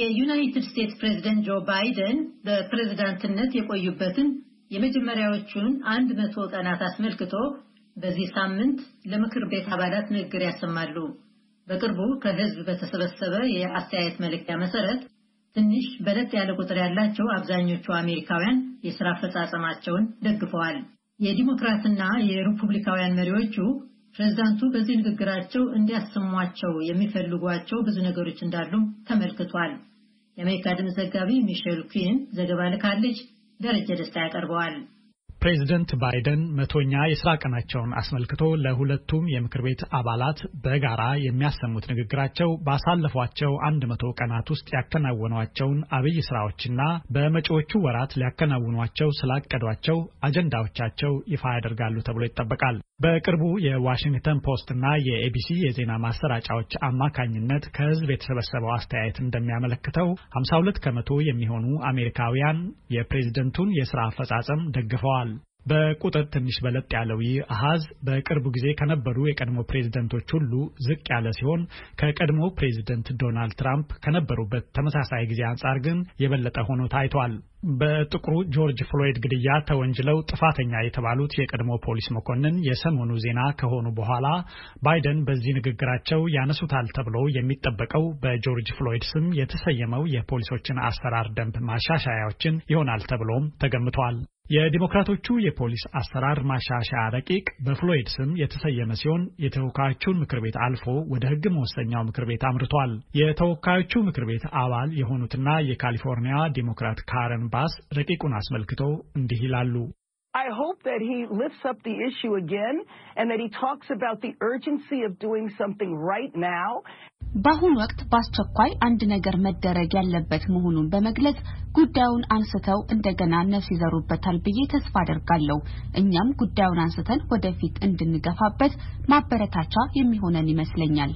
የዩናይትድ ስቴትስ ፕሬዚደንት ጆ ባይደን በፕሬዝዳንትነት የቆዩበትን የመጀመሪያዎቹን አንድ መቶ ቀናት አስመልክቶ በዚህ ሳምንት ለምክር ቤት አባላት ንግግር ያሰማሉ። በቅርቡ ከህዝብ በተሰበሰበ የአስተያየት መለኪያ መሰረት ትንሽ በለጥ ያለ ቁጥር ያላቸው አብዛኞቹ አሜሪካውያን የሥራ አፈጻጸማቸውን ደግፈዋል። የዲሞክራትና የሪፑብሊካውያን መሪዎቹ ፕሬዚዳንቱ በዚህ ንግግራቸው እንዲያሰሟቸው የሚፈልጓቸው ብዙ ነገሮች እንዳሉም ተመልክቷል። የአሜሪካ ድምፅ ዘጋቢ ሚሼል ኩዊን ዘገባ ልካለች። ደረጀ ደስታ ያቀርበዋል። ፕሬዚደንት ባይደን መቶኛ የስራ ቀናቸውን አስመልክቶ ለሁለቱም የምክር ቤት አባላት በጋራ የሚያሰሙት ንግግራቸው ባሳለፏቸው አንድ መቶ ቀናት ውስጥ ያከናወኗቸውን አብይ ስራዎችና በመጪዎቹ ወራት ሊያከናውኗቸው ስላቀዷቸው አጀንዳዎቻቸው ይፋ ያደርጋሉ ተብሎ ይጠበቃል። በቅርቡ የዋሽንግተን ፖስት እና የኤቢሲ የዜና ማሰራጫዎች አማካኝነት ከህዝብ የተሰበሰበው አስተያየት እንደሚያመለክተው 52 ከመቶ የሚሆኑ አሜሪካውያን የፕሬዝደንቱን የስራ አፈጻጸም ደግፈዋል። በቁጥር ትንሽ በለጥ ያለው ይህ አሃዝ በቅርቡ ጊዜ ከነበሩ የቀድሞ ፕሬዝደንቶች ሁሉ ዝቅ ያለ ሲሆን ከቀድሞ ፕሬዝደንት ዶናልድ ትራምፕ ከነበሩበት ተመሳሳይ ጊዜ አንጻር ግን የበለጠ ሆኖ ታይቷል። በጥቁሩ ጆርጅ ፍሎይድ ግድያ ተወንጅለው ጥፋተኛ የተባሉት የቀድሞ ፖሊስ መኮንን የሰሞኑ ዜና ከሆኑ በኋላ ባይደን በዚህ ንግግራቸው ያነሱታል ተብሎ የሚጠበቀው በጆርጅ ፍሎይድ ስም የተሰየመው የፖሊሶችን አሰራር ደንብ ማሻሻያዎችን ይሆናል ተብሎም ተገምቷል። የዲሞክራቶቹ የፖሊስ አሰራር ማሻሻያ ረቂቅ በፍሎይድ ስም የተሰየመ ሲሆን የተወካዮቹን ምክር ቤት አልፎ ወደ ሕግ መወሰኛው ምክር ቤት አምርቷል። የተወካዮቹ ምክር ቤት አባል የሆኑትና የካሊፎርኒያ ዲሞክራት ካረን ባስ ረቂቁን አስመልክቶ እንዲህ ይላሉ። I hope that he lifts up the issue again and that he talks about the urgency of doing something right now በአሁኑ ወቅት በአስቸኳይ አንድ ነገር መደረግ ያለበት መሆኑን በመግለጽ ጉዳዩን አንስተው እንደገና ነፍስ ይዘሩበታል ብዬ ተስፋ አደርጋለሁ። እኛም ጉዳዩን አንስተን ወደፊት እንድንገፋበት ማበረታቻ የሚሆነን ይመስለኛል።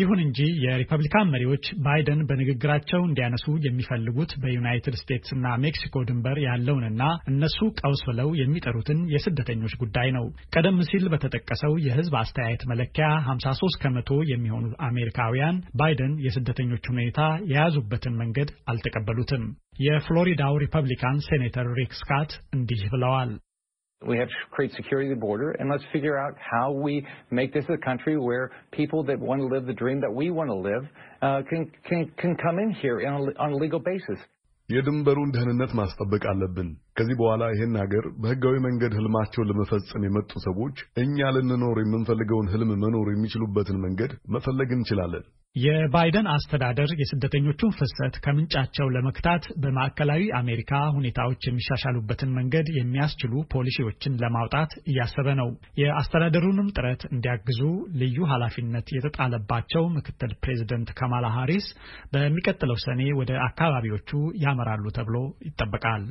ይሁን እንጂ የሪፐብሊካን መሪዎች ባይደን በንግግራቸው እንዲያነሱ የሚፈልጉት በዩናይትድ ስቴትስ እና ሜክሲኮ ድንበር ያለውንና እነሱ ቀውስ ብለው የሚጠሩትን የስደተኞች ጉዳይ ነው። ቀደም ሲል በተጠቀሰው የሕዝብ አስተያየት መለኪያ 53 ከመቶ የሚሆኑ አሜሪካውያን ባይደን የስደተኞች ሁኔታ የያዙበትን መንገድ አልተቀበሉትም። የፍሎሪዳው ሪፐብሊካን ሴኔተር ሪክ ስካት እንዲህ ብለዋል። We have to create security at the border, and let's figure out how we make this a country where people that want to live the dream that we want to live uh, can, can, can come in here on a, on a legal basis. የድንበሩን ደህንነት ማስጠበቅ አለብን። ከዚህ በኋላ ይህን ሀገር በህጋዊ መንገድ ህልማቸውን ለመፈጸም የመጡ ሰዎች እኛ ልንኖር የምንፈልገውን ህልም መኖር የሚችሉበትን መንገድ መፈለግ እንችላለን። የባይደን አስተዳደር የስደተኞቹን ፍሰት ከምንጫቸው ለመክታት በማዕከላዊ አሜሪካ ሁኔታዎች የሚሻሻሉበትን መንገድ የሚያስችሉ ፖሊሲዎችን ለማውጣት እያሰበ ነው። የአስተዳደሩንም ጥረት እንዲያግዙ ልዩ ኃላፊነት የተጣለባቸው ምክትል ፕሬዚደንት ካማላ ሃሪስ በሚቀጥለው ሰኔ ወደ አካባቢዎቹ ያመራሉ ተብሎ ይጠበቃል።